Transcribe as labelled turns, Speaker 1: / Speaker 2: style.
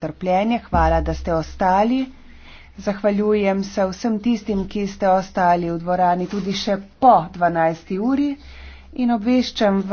Speaker 1: trpljenje, hvala, da ste ostali. Zahvaljujem se vsem tistim, ki ste ostali v dvorani tudi še po 12. uri in obveščam.